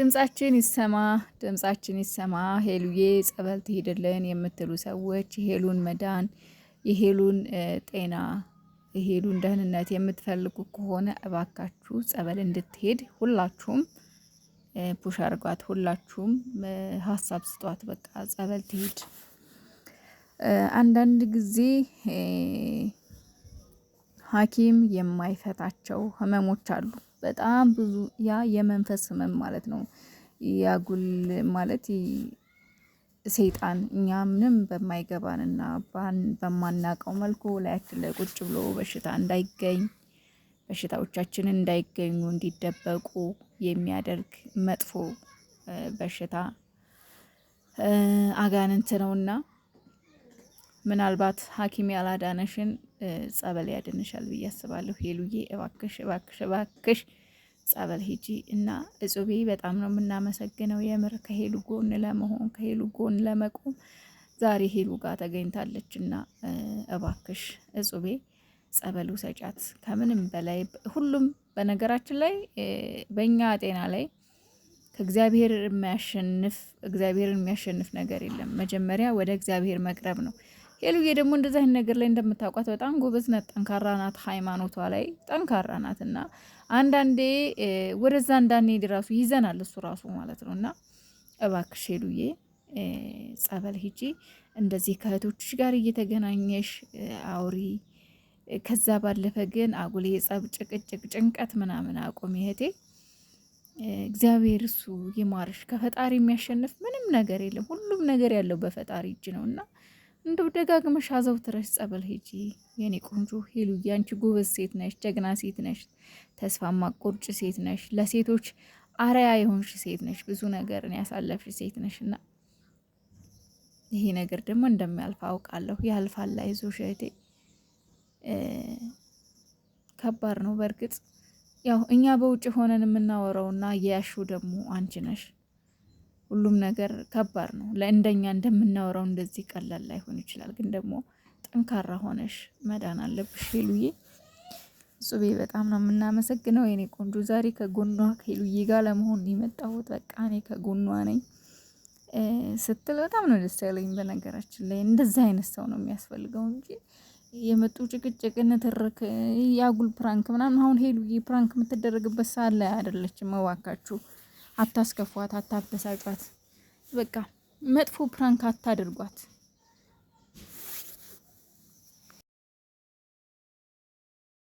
ድምጻችን ይሰማ፣ ድምጻችን ይሰማ፣ ሄሉዬ ጸበል ትሄድልን የምትሉ ሰዎች የሄሉን መዳን፣ የሄሉን ጤና፣ የሄሉን ደህንነት የምትፈልጉ ከሆነ እባካችሁ ጸበል እንድትሄድ ሁላችሁም ፑሽ አርጓት፣ ሁላችሁም ሀሳብ ስጧት። በቃ ጸበል ትሄድ። አንዳንድ ጊዜ ሐኪም የማይፈታቸው ህመሞች አሉ በጣም ብዙ ያ የመንፈስ ህመም ማለት ነው። ያጉል ማለት ሰይጣን እኛ ምንም በማይገባንና በማናቀው መልኩ ላያችን ላይ ቁጭ ብሎ በሽታ እንዳይገኝ በሽታዎቻችን እንዳይገኙ እንዲደበቁ የሚያደርግ መጥፎ በሽታ አጋንንት ነውና ምናልባት ሐኪም ያላዳነሽን ጸበል ያድንሻል ብዬ አስባለሁ። ሄሉዬ እባክሽ እባክሽ እባክሽ ጸበል ሂጂ እና እጹቤ በጣም ነው የምናመሰግነው። የምር ከሄሉ ጎን ለመሆን ከሄሉ ጎን ለመቆም ዛሬ ሄሉ ጋር ተገኝታለች እና እባክሽ እጹቤ ጸበሉ ሰጫት። ከምንም በላይ ሁሉም በነገራችን ላይ በእኛ ጤና ላይ ከእግዚአብሔር የሚያሸንፍ እግዚአብሔርን የሚያሸንፍ ነገር የለም። መጀመሪያ ወደ እግዚአብሔር መቅረብ ነው። ሄሉዬ ደግሞ እንደዚህ አይነት ነገር ላይ እንደምታውቋት በጣም ጎበዝ ናት፣ ጠንካራ ናት፣ ሃይማኖቷ ላይ ጠንካራ ናት። እና አንዳንዴ ወደዛ እንዳንሄድ ራሱ ይዘናል እሱ ራሱ ማለት ነው። እና እባክሽ ሄሉዬ ጸበል ሂጂ፣ እንደዚህ ከእህቶችሽ ጋር እየተገናኘሽ አውሪ። ከዛ ባለፈ ግን አጉሌ የጸብ ጭቅጭቅ፣ ጭንቀት ምናምን አቁሚ እህቴ። እግዚአብሔር እሱ ይማርሽ። ከፈጣሪ የሚያሸንፍ ምንም ነገር የለም። ሁሉም ነገር ያለው በፈጣሪ እጅ ነው እና እንደው ደጋግመሽ አዘውትረሽ ጸበል ሂጂ የኔ ቆንጆ ሄሉ። ያንቺ ጎበዝ ሴት ነሽ፣ ጀግና ሴት ነሽ፣ ተስፋ ማቆርጭ ሴት ነሽ፣ ለሴቶች አርያ የሆንሽ ሴት ነሽ፣ ብዙ ነገርን ያሳለፍሽ ሴት ነሽ እና ይሄ ነገር ደግሞ እንደሚያልፍ አውቃለሁ። ያልፋል፣ አይዞሽ እህቴ። ከባድ ነው በእርግጥ ያው እኛ በውጭ ሆነን የምናወራውና የያሹ ደግሞ አንቺ ነሽ። ሁሉም ነገር ከባድ ነው። ለእንደኛ እንደምናወራው እንደዚህ ቀላል ላይሆን ይችላል፣ ግን ደግሞ ጠንካራ ሆነሽ መዳን አለብሽ ሄሉዬ። ጹቤ በጣም ነው የምናመሰግነው የኔ ቆንጆ። ዛሬ ከጎኗ ከሄሉዬ ጋር ለመሆን የመጣሁት በቃ እኔ ከጎኗ ነኝ ስትል በጣም ነው ደስ ያለኝ። በነገራችን ላይ እንደዚህ አይነት ሰው ነው የሚያስፈልገው እንጂ የመጡ ጭቅጭቅ፣ ንትርክ፣ ያጉል ፕራንክ ምናምን አሁን ሄሉዬ ፕራንክ የምትደረግበት ሰዓት ላይ አይደለችም። እባካችሁ አታስከፏት፣ አታበሳጯት። በቃ መጥፎ ፕራንክ አታድርጓት።